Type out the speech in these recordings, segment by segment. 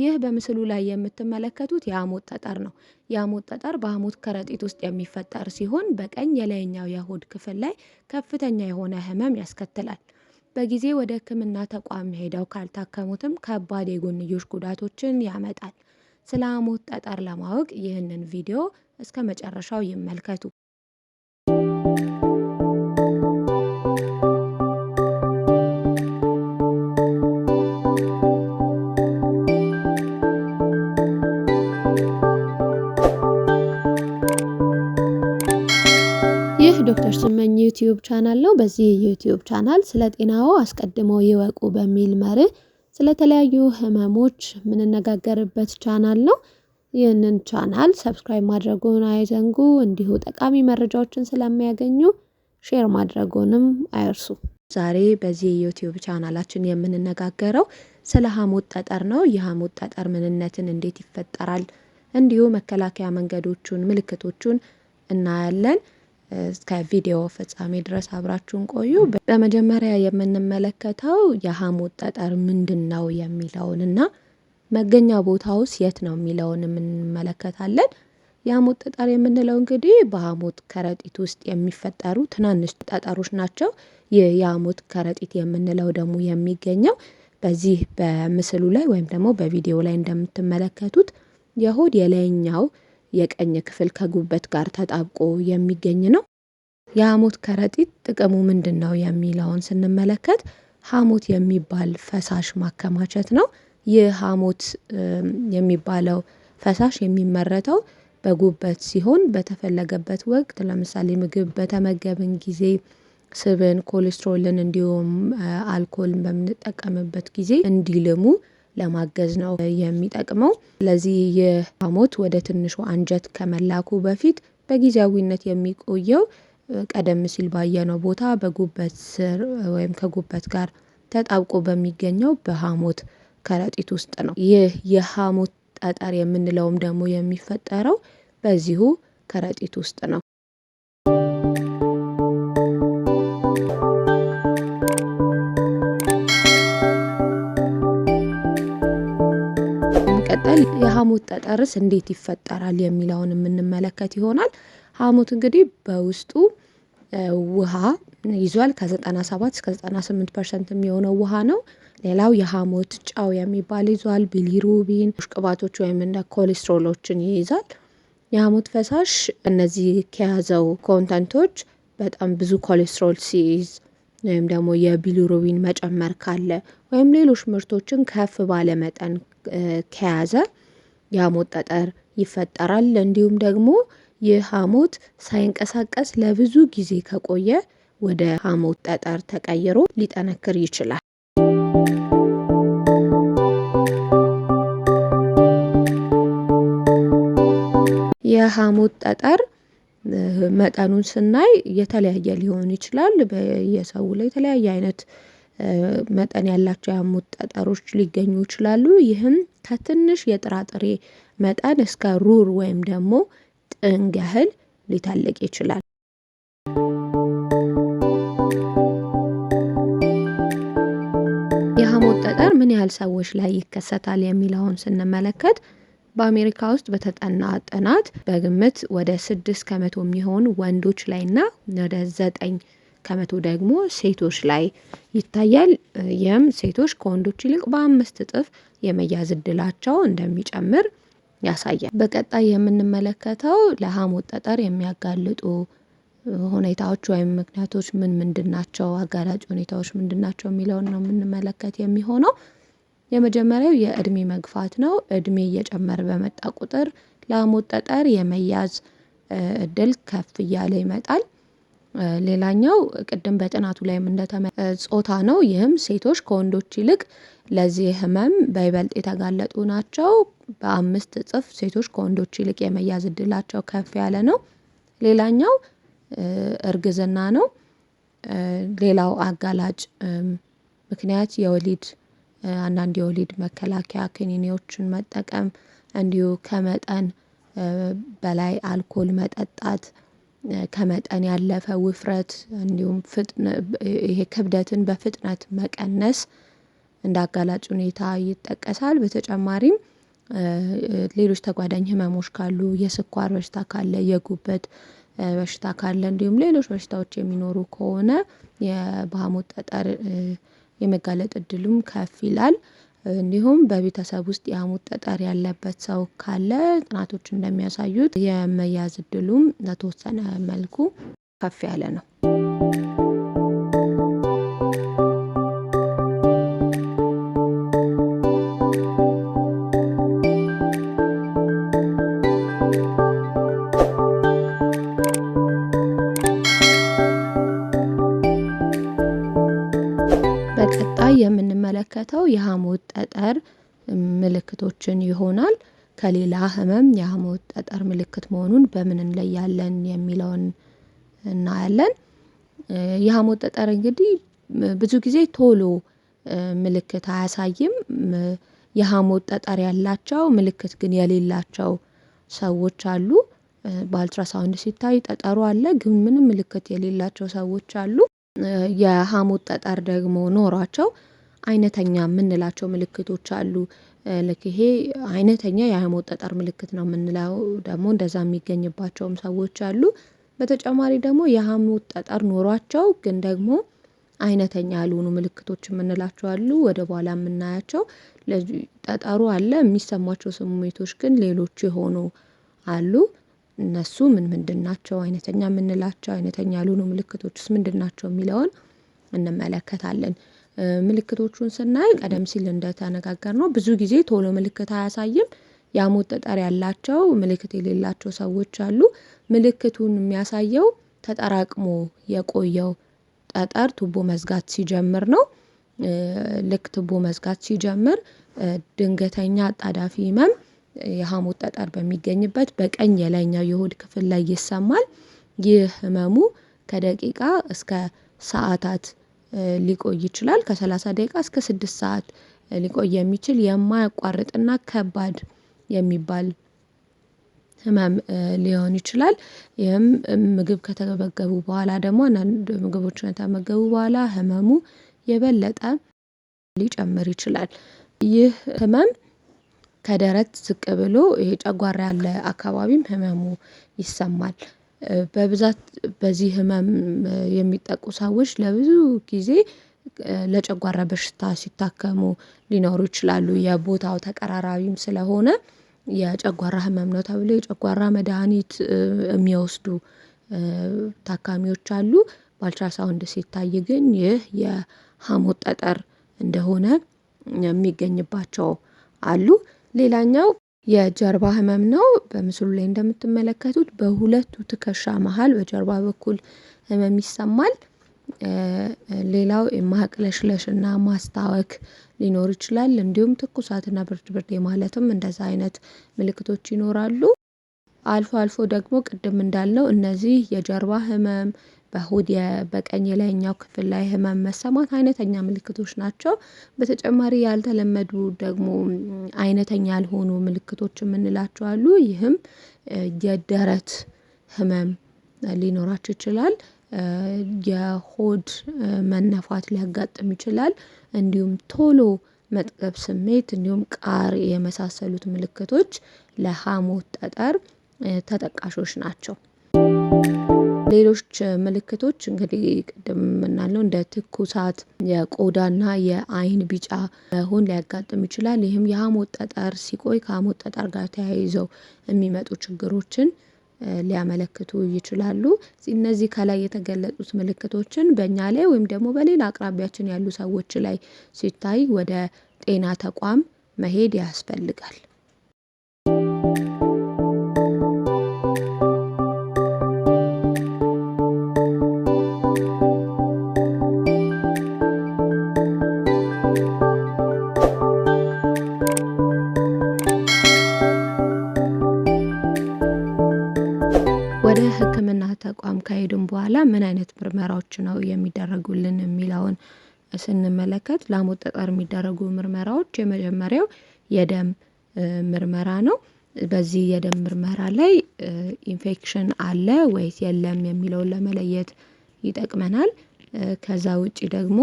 ይህ በምስሉ ላይ የምትመለከቱት የሐሞት ጠጠር ነው። የሐሞት ጠጠር በሐሞት ከረጢት ውስጥ የሚፈጠር ሲሆን በቀኝ የላይኛው የሆድ ክፍል ላይ ከፍተኛ የሆነ ህመም ያስከትላል። በጊዜ ወደ ሕክምና ተቋም ሄደው ካልታከሙትም ከባድ የጎንዮሽ ጉዳቶችን ያመጣል። ስለ ሐሞት ጠጠር ለማወቅ ይህንን ቪዲዮ እስከ መጨረሻው ይመልከቱ። ይህ ዶክተር ስመኝ ዩቲዩብ ቻናል ነው። በዚህ ዩቲዩብ ቻናል ስለ ጤናዎ አስቀድመው ይወቁ በሚል መርህ ስለተለያዩ ህመሞች የምንነጋገርበት ቻናል ነው። ይህንን ቻናል ሰብስክራይብ ማድረጉን አይዘንጉ። እንዲሁ ጠቃሚ መረጃዎችን ስለሚያገኙ ሼር ማድረጉንም አይርሱ። ዛሬ በዚህ ዩቲዩብ ቻናላችን የምንነጋገረው ስለ ሀሞት ጠጠር ነው። የሀሞት ጠጠር ምንነትን እንዴት ይፈጠራል፣ እንዲሁ መከላከያ መንገዶቹን፣ ምልክቶቹን እናያለን። እስከ ቪዲዮ ፍጻሜ ድረስ አብራችሁን ቆዩ። በመጀመሪያ የምንመለከተው የሀሞት ጠጠር ምንድን ነው የሚለውን እና መገኛ ቦታውስ የት ነው የሚለውን እንመለከታለን። የሀሞት ጠጠር የምንለው እንግዲህ በሀሞት ከረጢት ውስጥ የሚፈጠሩ ትናንሽ ጠጠሮች ናቸው። ይህ የሀሞት ከረጢት የምንለው ደግሞ የሚገኘው በዚህ በምስሉ ላይ ወይም ደግሞ በቪዲዮ ላይ እንደምትመለከቱት የሆድ የላይኛው የቀኝ ክፍል ከጉበት ጋር ተጣብቆ የሚገኝ ነው። የሐሞት ከረጢት ጥቅሙ ምንድን ነው የሚለውን ስንመለከት ሐሞት የሚባል ፈሳሽ ማከማቸት ነው። ይህ ሐሞት የሚባለው ፈሳሽ የሚመረተው በጉበት ሲሆን በተፈለገበት ወቅት ለምሳሌ ምግብ በተመገብን ጊዜ ስብን፣ ኮሌስትሮልን እንዲሁም አልኮልን በምንጠቀምበት ጊዜ እንዲልሙ ለማገዝ ነው የሚጠቅመው። ስለዚህ ይህ ሐሞት ወደ ትንሹ አንጀት ከመላኩ በፊት በጊዜያዊነት የሚቆየው ቀደም ሲል ባየነው ቦታ በጉበት ስር ወይም ከጉበት ጋር ተጣብቆ በሚገኘው በሐሞት ከረጢት ውስጥ ነው። ይህ የሐሞት ጠጠር የምንለውም ደግሞ የሚፈጠረው በዚሁ ከረጢት ውስጥ ነው። ሐሞት ጠጠርስ እንዴት ይፈጠራል የሚለውን የምንመለከት ይሆናል። ሐሞት እንግዲህ በውስጡ ውሃ ይዟል ከ97 እስከ 98 ፐርሰንት የሚሆነው ውሃ ነው። ሌላው የሀሞት ጨው የሚባል ይዟል። ቢሊሩቢን ቅባቶች ወይም እንደ ኮሌስትሮሎችን ይይዛል። የሐሞት ፈሳሽ እነዚህ ከያዘው ኮንተንቶች በጣም ብዙ ኮሌስትሮል ሲይዝ ወይም ደግሞ የቢሊሩቢን መጨመር ካለ ወይም ሌሎች ምርቶችን ከፍ ባለ መጠን ከያዘ የሐሞት ጠጠር ይፈጠራል። እንዲሁም ደግሞ ይህ ሐሞት ሳይንቀሳቀስ ለብዙ ጊዜ ከቆየ ወደ ሐሞት ጠጠር ተቀይሮ ሊጠነክር ይችላል። የሐሞት ጠጠር መጠኑን ስናይ የተለያየ ሊሆን ይችላል። በየሰው ላይ የተለያየ አይነት መጠን ያላቸው የአሞት ጠጠሮች ሊገኙ ይችላሉ። ይህም ከትንሽ የጥራጥሬ መጠን እስከ ሩር ወይም ደግሞ ጥንግ ያህል ሊታለቅ ይችላል። የሀሞት ጠጠር ምን ያህል ሰዎች ላይ ይከሰታል የሚለውን ስንመለከት በአሜሪካ ውስጥ በተጠና ጥናት በግምት ወደ ስድስት ከመቶ የሚሆኑ ወንዶች ላይና ወደ ዘጠኝ ከመቶ ደግሞ ሴቶች ላይ ይታያል። ይህም ሴቶች ከወንዶች ይልቅ በአምስት እጥፍ የመያዝ እድላቸው እንደሚጨምር ያሳያል። በቀጣይ የምንመለከተው ለሐሞት ጠጠር የሚያጋልጡ ሁኔታዎች ወይም ምክንያቶች ምን ምንድን ናቸው፣ አጋላጭ ሁኔታዎች ምንድን ናቸው የሚለውን ነው የምንመለከት የሚሆነው። የመጀመሪያው የእድሜ መግፋት ነው። እድሜ እየጨመረ በመጣ ቁጥር ለሐሞት ጠጠር የመያዝ እድል ከፍ እያለ ይመጣል። ሌላኛው ቅድም በጥናቱ ላይም እንደተመ ጾታ ነው። ይህም ሴቶች ከወንዶች ይልቅ ለዚህ ህመም በይበልጥ የተጋለጡ ናቸው። በአምስት እጥፍ ሴቶች ከወንዶች ይልቅ የመያዝ እድላቸው ከፍ ያለ ነው። ሌላኛው እርግዝና ነው። ሌላው አጋላጭ ምክንያት የወሊድ አንዳንድ የወሊድ መከላከያ ክኒኔዎችን መጠቀም እንዲሁ ከመጠን በላይ አልኮል መጠጣት ከመጠን ያለፈ ውፍረት እንዲሁም ይሄ ክብደትን በፍጥነት መቀነስ እንደ አጋላጭ ሁኔታ ይጠቀሳል። በተጨማሪም ሌሎች ተጓዳኝ ህመሞች ካሉ የስኳር በሽታ ካለ የጉበት በሽታ ካለ እንዲሁም ሌሎች በሽታዎች የሚኖሩ ከሆነ የበሃሞት ጠጠር የመጋለጥ እድሉም ከፍ ይላል እንዲሁም በቤተሰብ ውስጥ የአሙጥ ጠጠር ያለበት ሰው ካለ ጥናቶች እንደሚያሳዩት የመያዝ እድሉም ለተወሰነ መልኩ ከፍ ያለ ነው። የምንመለከተው የሐሞት ጠጠር ምልክቶችን ይሆናል። ከሌላ ህመም የሐሞት ጠጠር ምልክት መሆኑን በምን እንለያለን የሚለውን እናያለን። የሐሞት ጠጠር እንግዲህ ብዙ ጊዜ ቶሎ ምልክት አያሳይም። የሐሞት ጠጠር ያላቸው ምልክት ግን የሌላቸው ሰዎች አሉ። በአልትራሳውንድ ሲታይ ጠጠሩ አለ ግን ምንም ምልክት የሌላቸው ሰዎች አሉ። የሐሞት ጠጠር ደግሞ ኖሯቸው አይነተኛ የምንላቸው ምልክቶች አሉ። ልክ ይሄ አይነተኛ የሃይሞት ጠጠር ምልክት ነው የምንለው ደግሞ እንደዛ የሚገኝባቸውም ሰዎች አሉ። በተጨማሪ ደግሞ የሀሞት ጠጠር ኖሯቸው ግን ደግሞ አይነተኛ ያልሆኑ ምልክቶች የምንላቸው አሉ ወደ በኋላ የምናያቸው። ጠጠሩ አለ የሚሰማቸው ስሜቶች ግን ሌሎች የሆኑ አሉ። እነሱ ምን ምንድን ናቸው አይነተኛ የምንላቸው አይነተኛ ያልሆኑ ምልክቶችስ ምንድን ናቸው የሚለውን እንመለከታለን ምልክቶቹን ስናይ ቀደም ሲል እንደተነጋገር ነው ብዙ ጊዜ ቶሎ ምልክት አያሳይም። የሐሞት ጠጠር ያላቸው ምልክት የሌላቸው ሰዎች አሉ። ምልክቱን የሚያሳየው ተጠራቅሞ የቆየው ጠጠር ቱቦ መዝጋት ሲጀምር ነው። ልክ ቱቦ መዝጋት ሲጀምር ድንገተኛ አጣዳፊ ህመም የሐሞት ጠጠር በሚገኝበት በቀኝ የላይኛው የሆድ ክፍል ላይ ይሰማል። ይህ ህመሙ ከደቂቃ እስከ ሰዓታት ሊቆይ ይችላል ከሰላሳ ደቂቃ እስከ ስድስት ሰዓት ሊቆይ የሚችል የማያቋርጥና ከባድ የሚባል ህመም ሊሆን ይችላል። ይህም ምግብ ከተመገቡ በኋላ ደግሞ አንዳንድ ምግቦችን ከተመገቡ በኋላ ህመሙ የበለጠ ሊጨምር ይችላል። ይህ ህመም ከደረት ዝቅ ብሎ ይሄ ጨጓራ ያለ አካባቢም ህመሙ ይሰማል በብዛት በዚህ ህመም የሚጠቁ ሰዎች ለብዙ ጊዜ ለጨጓራ በሽታ ሲታከሙ ሊኖሩ ይችላሉ። የቦታው ተቀራራቢም ስለሆነ የጨጓራ ህመም ነው ተብሎ የጨጓራ መድሃኒት የሚወስዱ ታካሚዎች አሉ። በአልትራሳውንድ ሲታይ ግን ይህ የሀሞት ጠጠር እንደሆነ የሚገኝባቸው አሉ። ሌላኛው የጀርባ ህመም ነው በምስሉ ላይ እንደምትመለከቱት በሁለቱ ትከሻ መሃል በጀርባ በኩል ህመም ይሰማል። ሌላው የማቅለሽለሽ እና ማስታወክ ሊኖር ይችላል። እንዲሁም ትኩሳትና ብርድ ብርድ ማለትም እንደዛ አይነት ምልክቶች ይኖራሉ። አልፎ አልፎ ደግሞ ቅድም እንዳልነው እነዚህ የጀርባ ህመም በሆድ በቀኝ የላይኛው ክፍል ላይ ህመም መሰማት አይነተኛ ምልክቶች ናቸው። በተጨማሪ ያልተለመዱ ደግሞ አይነተኛ ያልሆኑ ምልክቶች የምንላቸው አሉ። ይህም የደረት ህመም ሊኖራቸው ይችላል። የሆድ መነፋት ሊያጋጥም ይችላል። እንዲሁም ቶሎ መጥገብ ስሜት እንዲሁም ቃር የመሳሰሉት ምልክቶች ለሀሞት ጠጠር ተጠቃሾች ናቸው። ሌሎች ምልክቶች እንግዲህ ቅድም የምናለው እንደ ትኩሳት የቆዳና የአይን ቢጫ መሆን ሊያጋጥም ይችላል። ይህም የሀሞት ጠጠር ሲቆይ ከሀሞት ጠጠር ጋር ተያይዘው የሚመጡ ችግሮችን ሊያመለክቱ ይችላሉ። እነዚህ ከላይ የተገለጹት ምልክቶችን በእኛ ላይ ወይም ደግሞ በሌላ አቅራቢያችን ያሉ ሰዎች ላይ ሲታይ ወደ ጤና ተቋም መሄድ ያስፈልጋል ካሄድን በኋላ ምን አይነት ምርመራዎች ነው የሚደረጉልን የሚለውን ስንመለከት ለሐሞት ጠጠር የሚደረጉ ምርመራዎች የመጀመሪያው የደም ምርመራ ነው። በዚህ የደም ምርመራ ላይ ኢንፌክሽን አለ ወይስ የለም የሚለውን ለመለየት ይጠቅመናል። ከዛ ውጪ ደግሞ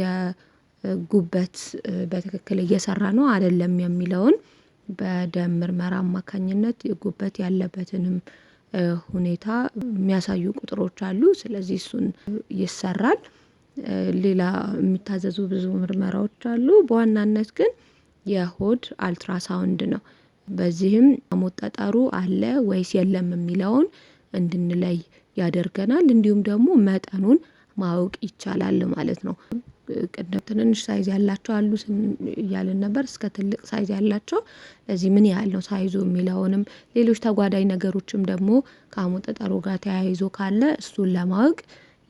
የጉበት በትክክል እየሰራ ነው አይደለም የሚለውን በደም ምርመራ አማካኝነት ጉበት ያለበትንም ሁኔታ የሚያሳዩ ቁጥሮች አሉ። ስለዚህ እሱን ይሰራል። ሌላ የሚታዘዙ ብዙ ምርመራዎች አሉ። በዋናነት ግን የሆድ አልትራሳውንድ ነው። በዚህም ሐሞት ጠጠሩ አለ ወይስ የለም የሚለውን እንድንለይ ያደርገናል። እንዲሁም ደግሞ መጠኑን ማወቅ ይቻላል ማለት ነው። ቅድም ትንንሽ ሳይዝ ያላቸው አሉ እያልን ነበር፣ እስከ ትልቅ ሳይዝ ያላቸው። እዚህ ምን ያህል ነው ሳይዙ የሚለውንም ሌሎች ተጓዳኝ ነገሮችም ደግሞ ከአሞጠ ጠጠሮ ጋር ተያይዞ ካለ እሱን ለማወቅ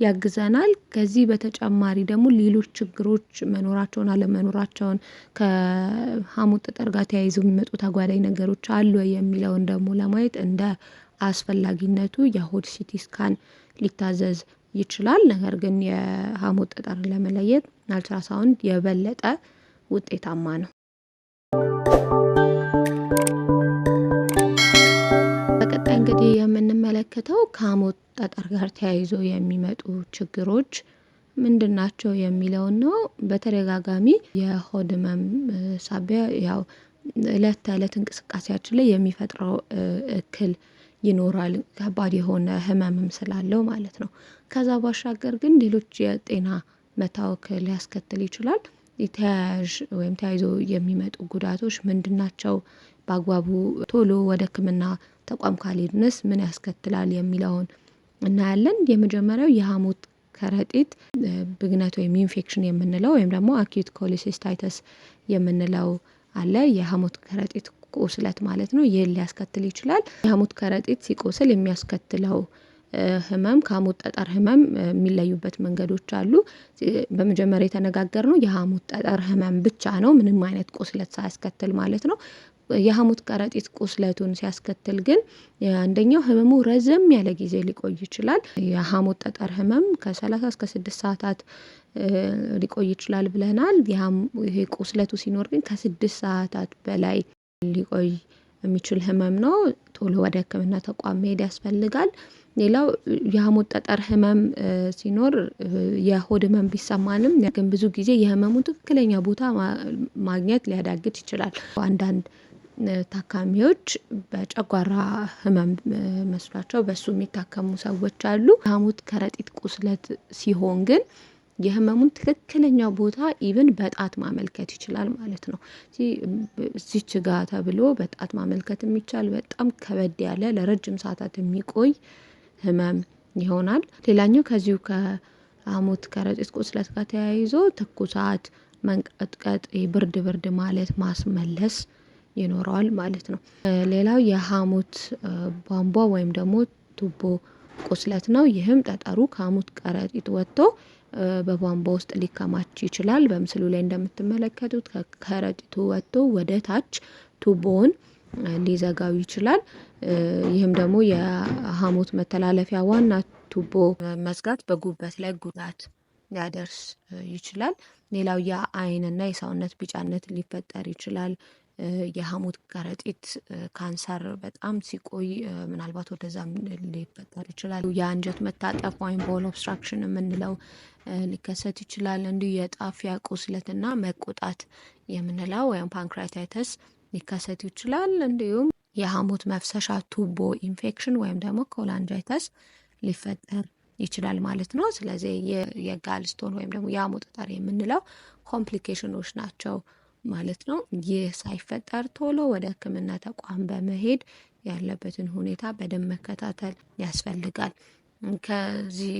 ያግዘናል። ከዚህ በተጨማሪ ደግሞ ሌሎች ችግሮች መኖራቸውን አለመኖራቸውን ከሐሞት ጠጠር ጋር ተያይዘው የሚመጡ ተጓዳኝ ነገሮች አሉ የሚለውን ደግሞ ለማየት እንደ አስፈላጊነቱ የሆድ ሲቲ ስካን ሊታዘዝ ይችላል። ነገር ግን የሐሞት ጠጠርን ለመለየት አልትራሳውንድ የበለጠ ውጤታማ ነው። በቀጣይ እንግዲህ የምንመለከተው ከሐሞት ጠጠር ጋር ተያይዞ የሚመጡ ችግሮች ምንድን ናቸው የሚለውን ነው። በተደጋጋሚ የሆድ ህመም ሳቢያ ያው እለት ተእለት እንቅስቃሴያችን ላይ የሚፈጥረው እክል ይኖራል። ከባድ የሆነ ህመምም ስላለው ማለት ነው። ከዛ ባሻገር ግን ሌሎች የጤና መታወክ ሊያስከትል ይችላል። የተያያዥ ወይም ተያይዞ የሚመጡ ጉዳቶች ምንድናቸው በአግባቡ ቶሎ ወደ ህክምና ተቋም ካልሄድንስ ምን ያስከትላል የሚለውን እናያለን። የመጀመሪያው የሀሞት ከረጢት ብግነት ወይም ኢንፌክሽን የምንለው ወይም ደግሞ አኪዩት ኮሊሲስታይተስ የምንለው አለ የሀሞት ከረጢት ቁስለት ማለት ነው። ይህን ሊያስከትል ይችላል። የሀሙት ከረጢት ሲቆስል የሚያስከትለው ህመም ከሐሞት ጠጠር ህመም የሚለዩበት መንገዶች አሉ። በመጀመሪያ ነው የሐሞት ጠጠር ህመም ብቻ ነው ምንም አይነት ቁስለት ሳያስከትል ማለት ነው። የሐሞት ከረጢት ቁስለቱን ሲያስከትል ግን አንደኛው ህመሙ ረዘም ያለ ጊዜ ሊቆይ ይችላል። የሐሞት ጠጠር ህመም ከሰላሳ እስከ ስድስት ሰዓታት ሊቆይ ይችላል ብለናል። ይሄ ቁስለቱ ሲኖር ግን ከስድስት ሰዓታት በላይ ሊቆይ የሚችል ህመም ነው። ቶሎ ወደ ህክምና ተቋም መሄድ ያስፈልጋል። ሌላው የሀሞት ጠጠር ህመም ሲኖር የሆድ ህመም ቢሰማንም ግን ብዙ ጊዜ የህመሙን ትክክለኛ ቦታ ማግኘት ሊያዳግት ይችላል። አንዳንድ ታካሚዎች በጨጓራ ህመም መስሏቸው በሱ የሚታከሙ ሰዎች አሉ። ሀሞት ከረጢት ቁስለት ሲሆን ግን የህመሙን ትክክለኛው ቦታ ኢብን በጣት ማመልከት ይችላል ማለት ነው። ሲች ጋ ተብሎ በጣት ማመልከት የሚቻል በጣም ከበድ ያለ ለረጅም ሰዓታት የሚቆይ ህመም ይሆናል። ሌላኛው ከዚሁ ከሐሞት ከረጢት ቁስለት ጋር ተያይዞ ትኩሳት፣ መንቀጥቀጥ፣ ብርድ ብርድ ማለት፣ ማስመለስ ይኖረዋል ማለት ነው። ሌላው የሐሞት ቧንቧ ወይም ደግሞ ቱቦ ቁስለት ነው። ይህም ጠጠሩ ከሐሞት ከረጢት ወጥቶ በቧንቧ ውስጥ ሊከማች ይችላል። በምስሉ ላይ እንደምትመለከቱት ከረጢቱ ወጥቶ ወደ ታች ቱቦውን ሊዘጋው ይችላል። ይህም ደግሞ የሀሞት መተላለፊያ ዋና ቱቦ መዝጋት በጉበት ላይ ጉዳት ሊያደርስ ይችላል። ሌላው የአይንና የሰውነት ቢጫነት ሊፈጠር ይችላል። የሐሞት ከረጢት ካንሰር በጣም ሲቆይ ምናልባት ወደዛም ሊፈጠር ይችላል። የአንጀት መታጠፍ ወይም ቦል ኦብስትራክሽን የምንለው ሊከሰት ይችላል። እንዲሁ የጣፊያ ቁስለትና መቆጣት የምንለው ወይም ፓንክራታይተስ ሊከሰት ይችላል። እንዲሁም የሐሞት መፍሰሻ ቱቦ ኢንፌክሽን ወይም ደግሞ ኮላንጃይተስ ሊፈጠር ይችላል ማለት ነው። ስለዚህ የጋልስቶን ወይም ደግሞ የሐሞት ጠጠር የምንለው ኮምፕሊኬሽኖች ናቸው። ማለት ነው። ይህ ሳይፈጠር ቶሎ ወደ ሕክምና ተቋም በመሄድ ያለበትን ሁኔታ በደንብ መከታተል ያስፈልጋል። ከዚህ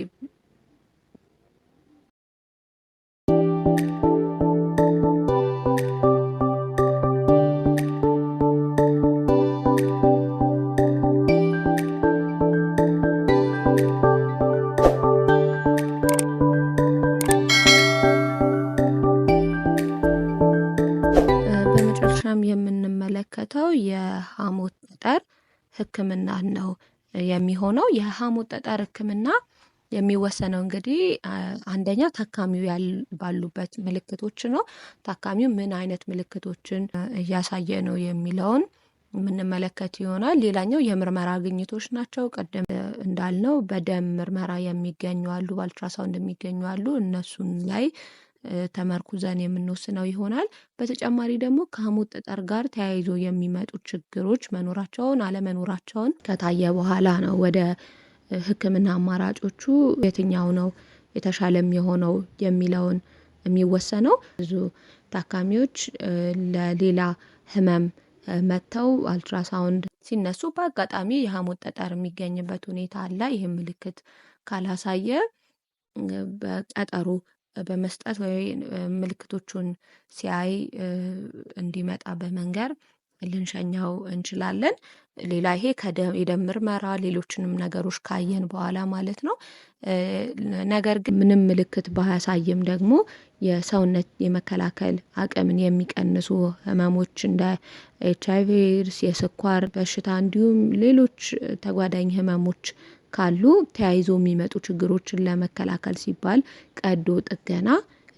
በመጨረሻም የምንመለከተው የሐሞት ጠጠር ህክምና ነው የሚሆነው። የሐሞት ጠጠር ህክምና የሚወሰነው እንግዲህ አንደኛ ታካሚው ባሉበት ምልክቶች ነው። ታካሚው ምን አይነት ምልክቶችን እያሳየ ነው የሚለውን የምንመለከት ይሆናል። ሌላኛው የምርመራ ግኝቶች ናቸው። ቀደም እንዳልነው በደም ምርመራ የሚገኙ አሉ፣ በአልትራሳውንድ የሚገኙ አሉ። እነሱን ላይ ተመርኩዘን የምንወስነው ይሆናል። በተጨማሪ ደግሞ ከሐሞት ጠጠር ጋር ተያይዞ የሚመጡ ችግሮች መኖራቸውን አለመኖራቸውን ከታየ በኋላ ነው ወደ ሕክምና አማራጮቹ የትኛው ነው የተሻለ የሚሆነው የሚለውን የሚወሰነው። ብዙ ታካሚዎች ለሌላ ህመም መጥተው አልትራሳውንድ ሲነሱ በአጋጣሚ የሐሞት ጠጠር የሚገኝበት ሁኔታ አለ። ይህም ምልክት ካላሳየ በጠጠሩ በመስጠት ወይ ምልክቶቹን ሲያይ እንዲመጣ በመንገር ልንሸኛው እንችላለን። ሌላ ይሄ የደም ምርመራ ሌሎችንም ነገሮች ካየን በኋላ ማለት ነው። ነገር ግን ምንም ምልክት ባያሳይም ደግሞ የሰውነት የመከላከል አቅምን የሚቀንሱ ህመሞች እንደ ኤች አይቪ ኤድስ፣ የስኳር በሽታ እንዲሁም ሌሎች ተጓዳኝ ህመሞች ካሉ ተያይዞ የሚመጡ ችግሮችን ለመከላከል ሲባል ቀዶ ጥገና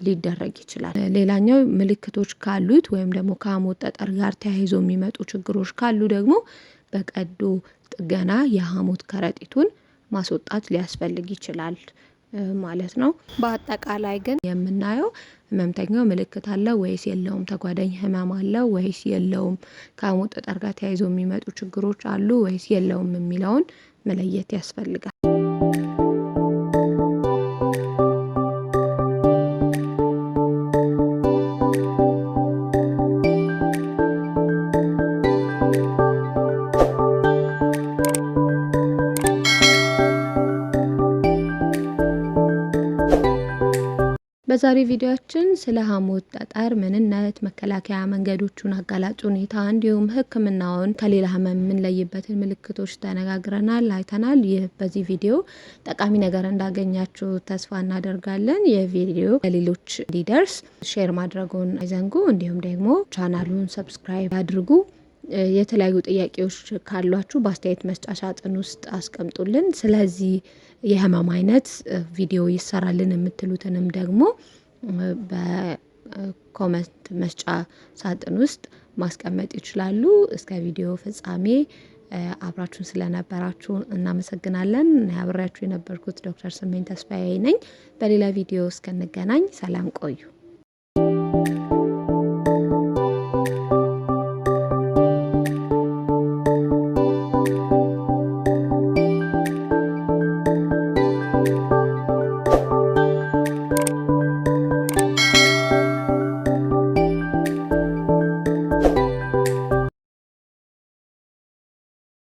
ሊደረግ ይችላል። ሌላኛው ምልክቶች ካሉት ወይም ደግሞ ከሐሞት ጠጠር ጋር ተያይዞ የሚመጡ ችግሮች ካሉ ደግሞ በቀዶ ጥገና የሐሞት ከረጢቱን ማስወጣት ሊያስፈልግ ይችላል ማለት ነው። በአጠቃላይ ግን የምናየው ህመምተኛው ምልክት አለው ወይስ የለውም፣ ተጓዳኝ ህመም አለው ወይስ የለውም፣ ከሐሞት ጠጠር ጋር ተያይዞ የሚመጡ ችግሮች አሉ ወይስ የለውም የሚለውን መለየት ያስፈልጋል። በዛሬ ቪዲዮችን ስለ ሐሞት ጠጠር ምንነት፣ መከላከያ መንገዶቹን፣ አጋላጭ ሁኔታ እንዲሁም ሕክምናውን ከሌላ ህመም የምንለይበትን ምልክቶች ተነጋግረናል፣ አይተናል። ይህ በዚህ ቪዲዮ ጠቃሚ ነገር እንዳገኛችሁ ተስፋ እናደርጋለን። ይህ ቪዲዮ ለሌሎች እንዲደርስ ሼር ማድረጉን አይዘንጉ፣ እንዲሁም ደግሞ ቻናሉን ሰብስክራይብ አድርጉ። የተለያዩ ጥያቄዎች ካሏችሁ በአስተያየት መስጫ ሳጥን ውስጥ አስቀምጡልን። ስለዚህ የህመም አይነት ቪዲዮ ይሰራልን የምትሉትንም ደግሞ በኮመንት መስጫ ሳጥን ውስጥ ማስቀመጥ ይችላሉ። እስከ ቪዲዮ ፍጻሜ አብራችሁን ስለነበራችሁ እናመሰግናለን። አብሬያችሁ የነበርኩት ዶክተር ስሜን ተስፋዬ ነኝ። በሌላ ቪዲዮ እስከንገናኝ ሰላም ቆዩ።